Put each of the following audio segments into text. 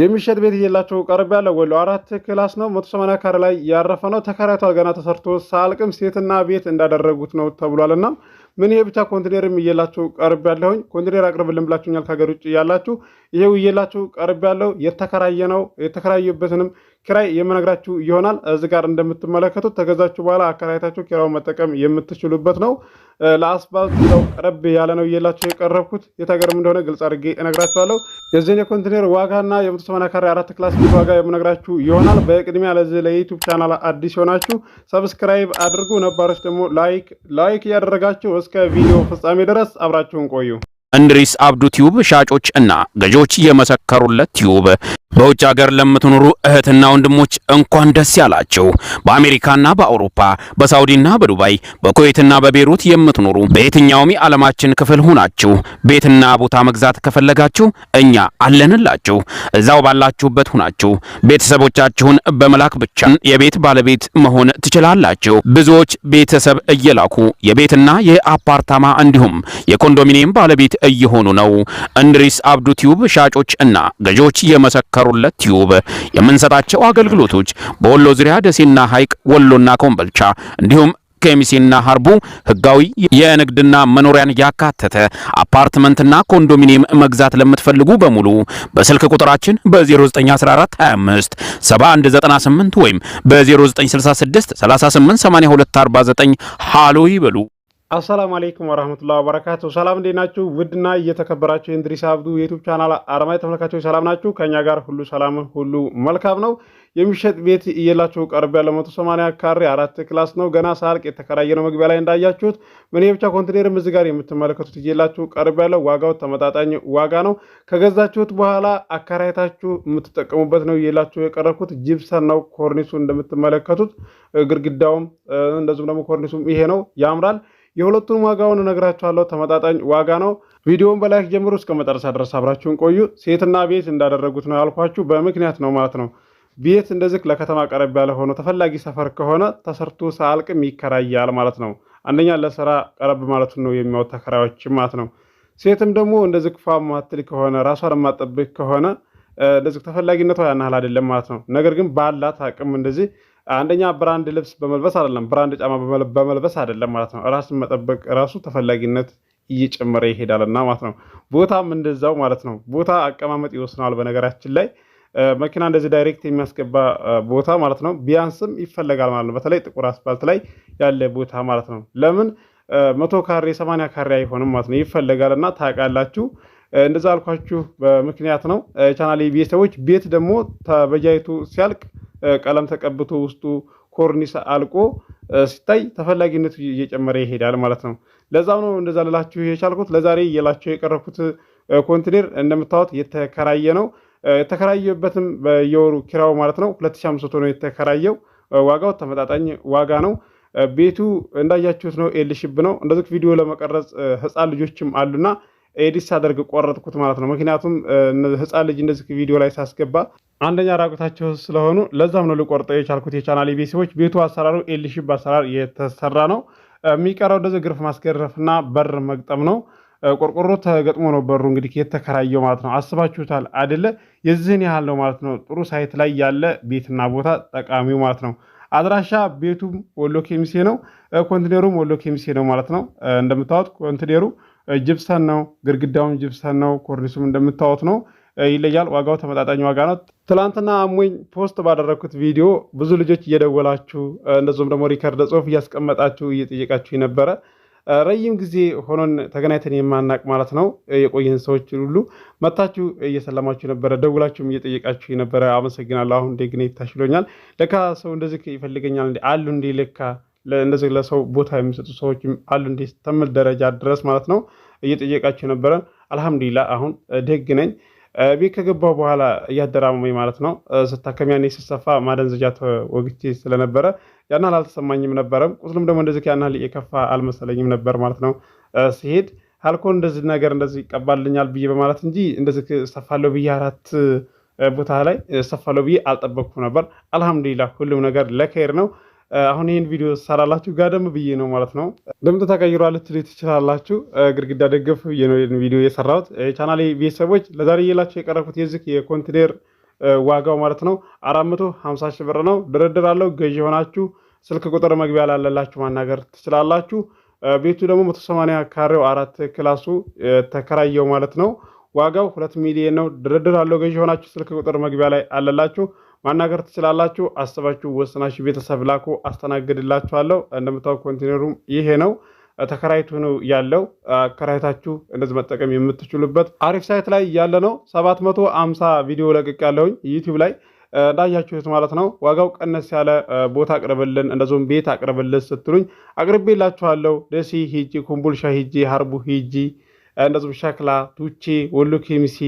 የሚሸጥ ቤት እየላቸው ቀርብ ያለ ወሎ አራት ክላስ ነው። 180 ካሬ ላይ ያረፈ ነው። ተከራይቷል። ገና ተሰርቶ ሳልቅም ሴትና ቤት እንዳደረጉት ነው ተብሏልና ምን ይሄ ብቻ ኮንቴነርም እየላችሁ ቀርብ ያለሁኝ ኮንቴነር አቅርብልን ብላችሁኛል። ከሀገር ውጭ እያላችሁ ይሄው እየላችሁ ቀርብ ያለው የተከራየ ነው። የተከራየበትንም ኪራይ የምነግራችሁ ይሆናል። እዚህ ጋር እንደምትመለከቱት ተገዛችሁ በኋላ አከራይታችሁ ኪራዩን መጠቀም የምትችሉበት ነው። ለአስፋልት ው ቀረብ ያለ ነው እየላችሁ የቀረብኩት የታገርም እንደሆነ ግልጽ አድርጌ እነግራችኋለሁ። የዚህን የኮንቴነር ዋጋና የመቶ ሰማንያ ካሬ አራት ክላስ ዋጋ የምነግራችሁ ይሆናል። በቅድሚያ ለዚህ ለዩቱብ ቻናል አዲስ ሆናችሁ ሰብስክራይብ አድርጉ፣ ነባሮች ደግሞ ላይክ ላይክ እያደረጋችሁ እስከ ቪዲዮ ፍጻሜ ድረስ አብራችሁን ቆዩ። እንድሪስ አብዱ ቲዩብ ሻጮች እና ገዢዎች የመሰከሩለት ቲዩብ በውጭ ሀገር ለምትኖሩ እህትና ወንድሞች እንኳን ደስ ያላችሁ። በአሜሪካና በአውሮፓ በሳውዲና በዱባይ በኩዌትና በቤሩት የምትኖሩ በየትኛውም የዓለማችን ክፍል ሁናችሁ ቤትና ቦታ መግዛት ከፈለጋችሁ እኛ አለንላችሁ። እዛው ባላችሁበት ሁናችሁ ቤተሰቦቻችሁን በመላክ ብቻ የቤት ባለቤት መሆን ትችላላችሁ። ብዙዎች ቤተሰብ እየላኩ የቤትና የአፓርታማ እንዲሁም የኮንዶሚኒየም ባለቤት እየሆኑ ነው። እንድሪስ አብዱ ቲዩብ ሻጮች እና ገዢዎች የመሰከ ለመሰከሩለት ቲዩብ የምንሰጣቸው አገልግሎቶች በወሎ ዙሪያ ደሴና ሐይቅ፣ ወሎና ኮምበልቻ እንዲሁም ከሚሴና ሀርቡ ህጋዊ የንግድና መኖሪያን ያካተተ አፓርትመንትና ኮንዶሚኒየም መግዛት ለምትፈልጉ በሙሉ በስልክ ቁጥራችን በ091425 7198 ወይም በ0966 ሃሎ ይበሉ። አሰላሙ አለይኩም ወራህመቱላሂ ወበረካቱ። ሰላም እንዴት ናችሁ? ውድና እየተከበራችሁ እንድሪስ አብዱ የዩቲዩብ ቻናል አርማይ ተመልካቾች ሰላም ናችሁ? ከኛ ጋር ሁሉ ሰላም ሁሉ መልካም ነው። የሚሸጥ ቤት እየላችሁ ቀርብ ያለ 180 ካሬ አራት ክላስ ነው። ገና ሳልቅ የተከራየ ነው። መግቢያ ላይ እንዳያችሁት ምን የብቻ ኮንቴነር እዚህ ጋር የምትመለከቱት እየላችሁ ቀርብ ያለው ዋጋው ተመጣጣኝ ዋጋ ነው። ከገዛችሁት በኋላ አከራይታችሁ የምትጠቀሙበት ነው። እየላችሁ የቀረብኩት ጅብሰን ነው። ኮርኒሱ እንደምትመለከቱት ግድግዳውም እንደዚሁም ደግሞ ኮርኒሱም ይሄ ነው፣ ያምራል የሁለቱን ዋጋውን እነግራችኋለሁ። ተመጣጣኝ ዋጋ ነው። ቪዲዮውን በላይክ ጀምሮ እስከ መጨረሻ ድረስ አብራችሁን ቆዩ። ሴትና ቤት እንዳደረጉት ነው ያልኳችሁ፣ በምክንያት ነው ማለት ነው። ቤት እንደዚህ ለከተማ ቀረብ ያለ ሆኖ ተፈላጊ ሰፈር ከሆነ ተሰርቶ ሳያልቅም ይከራያል ማለት ነው። አንደኛ ለስራ ቀረብ ማለቱን ነው የሚያወት ተከራዮችም ማለት ነው። ሴትም ደግሞ እንደዚህ ክፋ ማትል ከሆነ ራሷን የማጠብቅ ከሆነ እንደዚህ ተፈላጊነቷ ያናህል አይደለም ማለት ነው። ነገር ግን ባላት አቅም እንደዚህ አንደኛ ብራንድ ልብስ በመልበስ አይደለም፣ ብራንድ ጫማ በመልበስ አይደለም ማለት ነው። ራስን መጠበቅ ራሱ ተፈላጊነት እየጨመረ ይሄዳልና ማለት ነው። ቦታም እንደዛው ማለት ነው። ቦታ አቀማመጥ ይወስናል። በነገራችን ላይ መኪና እንደዚህ ዳይሬክት የሚያስገባ ቦታ ማለት ነው ቢያንስም ይፈለጋል ማለት ነው። በተለይ ጥቁር አስፋልት ላይ ያለ ቦታ ማለት ነው። ለምን መቶ ካሬ ሰማንያ ካሬ አይሆንም ማለት ነው። ይፈለጋል እና ታውቃላችሁ። እንደዛ አልኳችሁ በምክንያት ነው። ቻናል ቤተሰቦች ቤት ደግሞ ተበጃይቱ ሲያልቅ ቀለም ተቀብቶ ውስጡ ኮርኒስ አልቆ ሲታይ ተፈላጊነቱ እየጨመረ ይሄዳል ማለት ነው። ለዛም ነው እንደዛ ልላችሁ የቻልኩት። ለዛሬ እየላችሁ የቀረብኩት ኮንቴነር እንደምታዩት የተከራየ ነው። የተከራየበትም በየወሩ ኪራው ማለት ነው 2500 ነው የተከራየው። ዋጋው ተመጣጣኝ ዋጋ ነው። ቤቱ እንዳያችሁት ነው። ኤልሽብ ነው። እንደዚህ ቪዲዮ ለመቀረጽ ህፃን ልጆችም አሉና ኤዲስ አደርግ ቆረጥኩት ማለት ነው። ምክንያቱም ህፃን ልጅ እንደዚህ ቪዲዮ ላይ ሳስገባ አንደኛ ራቁታቸው ስለሆኑ ለዛም ነው ልቆርጠው የቻልኩት። የቻናል ቤተሰቦች ቤቱ አሰራሩ ኤልሺፕ አሰራር የተሰራ ነው። የሚቀረው እንደዚህ ግርፍ ማስገረፍና በር መግጠም ነው። ቆርቆሮ ተገጥሞ ነው በሩ እንግዲህ የተከራየው ማለት ነው። አስባችሁታል አደለ? የዚህን ያህል ነው ማለት ነው። ጥሩ ሳይት ላይ ያለ ቤትና ቦታ ጠቃሚው ማለት ነው። አድራሻ ቤቱም ወሎ ኬሚሴ ነው፣ ኮንትኔሩም ወሎ ኬሚሴ ነው ማለት ነው። እንደምታወት ኮንትኔሩ ጅብሰን ነው። ግድግዳውም ጅብሰን ነው። ኮርኒሱም እንደምታወት ነው። ይለያል። ዋጋው ተመጣጣኝ ዋጋ ነው። ትላንትና አሞኝ ፖስት ባደረግኩት ቪዲዮ ብዙ ልጆች እየደወላችሁ እንደዚሁም ደግሞ ሪከርደ ጽሁፍ እያስቀመጣችሁ እየጠየቃችሁ ነበረ። ረጅም ጊዜ ሆኖን ተገናኝተን የማናቅ ማለት ነው። የቆየን ሰዎች ሁሉ መታችሁ እየሰለማችሁ ነበረ፣ ደውላችሁም እየጠየቃችሁ ነበረ። አመሰግናለሁ። አሁን ደግኔ ይታሽሎኛል። ለካ ሰው እንደዚህ ይፈልገኛል አሉ እንዲ ለካ እንደዚህ ለሰው ቦታ የሚሰጡ ሰዎች አሉ እንደ ደረጃ ድረስ ማለት ነው እየጠየቃቸው ነበረ። አልሐምዱሊላ አሁን ደግ ነኝ። ቤት ከገባሁ በኋላ እያደራመመኝ ማለት ነው ስታከም ስሰፋ ማደንዘጃ ተወግቼ ስለነበረ ያን ያህል አልተሰማኝም ነበረም። ቁስሉም ደግሞ እንደዚህ ያን ያህል የከፋ አልመሰለኝም ነበር ማለት ነው። ሲሄድ አልኮ እንደዚህ ነገር እንደዚህ ይቀባልኛል ብዬ በማለት እንጂ እንደዚህ ሰፋለው ብዬ አራት ቦታ ላይ ሰፋለው ብዬ አልጠበቅኩ ነበር። አልሐምዱሊላ ሁሉም ነገር ለከይር ነው። አሁን ይህን ቪዲዮ ሰራላችሁ ጋደም ብዬ ነው ማለት ነው። ድምፅ ተቀይሯል ልትሉ ትችላላችሁ። ግድግዳ ደገፍ ብዬ ነው ቪዲዮ የሰራሁት። ቻናሌ ቤተሰቦች ለዛሬ እየላችሁ የቀረብኩት የዚህ የኮንቴነር ዋጋው ማለት ነው 450 ሺህ ብር ነው። ድርድር አለው። ገዢ የሆናችሁ ስልክ ቁጥር መግቢያ ላለላችሁ ማናገር ትችላላችሁ። ቤቱ ደግሞ 180 ካሬው አራት ክላሱ ተከራየው ማለት ነው። ዋጋው ሁለት ሚሊዮን ነው። ድርድር አለው። ገዢ የሆናችሁ ስልክ ቁጥር መግቢያ ላይ አለላችሁ። ማናገር ትችላላችሁ። አስባችሁ ወስናችሁ ቤተሰብ ላኩ፣ አስተናግድላችኋለሁ። እንደምታውቁ ኮንቴነሩም ይሄ ነው ተከራይቱ ነው ያለው። አከራይታችሁ እንደዚህ መጠቀም የምትችሉበት አሪፍ ሳይት ላይ ያለ ነው። 750 ቪዲዮ ለቅቅ ያለውኝ ዩቲዩብ ላይ እንዳያችሁት ማለት ነው። ዋጋው ቀነስ ያለ ቦታ አቅርብልን፣ እንደዚሁም ቤት አቅርብልን ስትሉኝ አቅርቤላችኋለሁ። ደሴ ሂጂ፣ ኮምቦልሻ ሂጂ፣ ሀርቡ ሂጂ፣ እንደዚሁም ሸክላ፣ ቱቼ፣ ወሎ፣ ኬሚሴ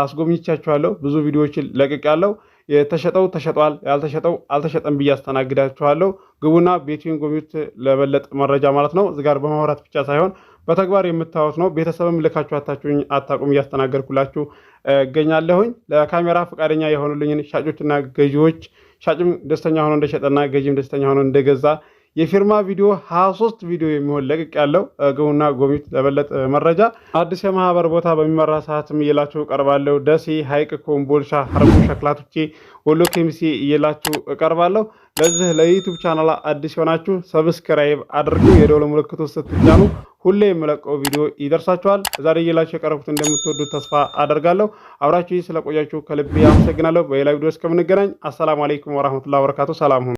አስጎብኝቻችኋለሁ። ብዙ ቪዲዮዎችን ለቅቅ ያለው የተሸጠው ተሸጧል፣ ያልተሸጠው አልተሸጠም ብዬ አስተናግዳችኋለሁ። ግቡና ቤቲን ጎብኙት ለበለጠ መረጃ ማለት ነው። እዚህ ጋር በማውራት ብቻ ሳይሆን በተግባር የምታዩት ነው። ቤተሰብም ልካችሁ አታችሁኝ አታቁም እያስተናገድኩላችሁ እገኛለሁኝ። ለካሜራ ፈቃደኛ የሆኑልኝን ሻጮችና ገዢዎች ሻጭም ደስተኛ ሆኖ እንደሸጠና ገዢም ደስተኛ ሆኖ እንደገዛ የፊርማ ቪዲዮ 23 ቪዲዮ የሚሆን ለቅቅ ያለው ግቡና ጎብኙት። ለበለጠ መረጃ አዲስ የማህበር ቦታ በሚመራ ሰዓትም እየላችሁ እቀርባለሁ። ደሴ፣ ሀይቅ፣ ኮምቦልሻ፣ ሀርቡ፣ ሸክላቶቼ፣ ወሎ ኬሚሴ እየላችሁ እቀርባለሁ። ለዚህ ለዩቱብ ቻናል አዲስ የሆናችሁ ሰብስክራይብ አድርጉ። የደወል ምልክቱ ስትጫኑ ሁሌ የምለቀው ቪዲዮ ይደርሳችኋል። ዛሬ እየላችሁ የቀረቡት እንደምትወዱት ተስፋ አደርጋለሁ። አብራችሁ ስለቆያችሁ ከልቤ አመሰግናለሁ። በሌላ ቪዲዮ እስከምንገናኝ አሰላሙ አለይኩም ወራህመቱላሂ ወበረካቱ። ሰላም ሁኑ።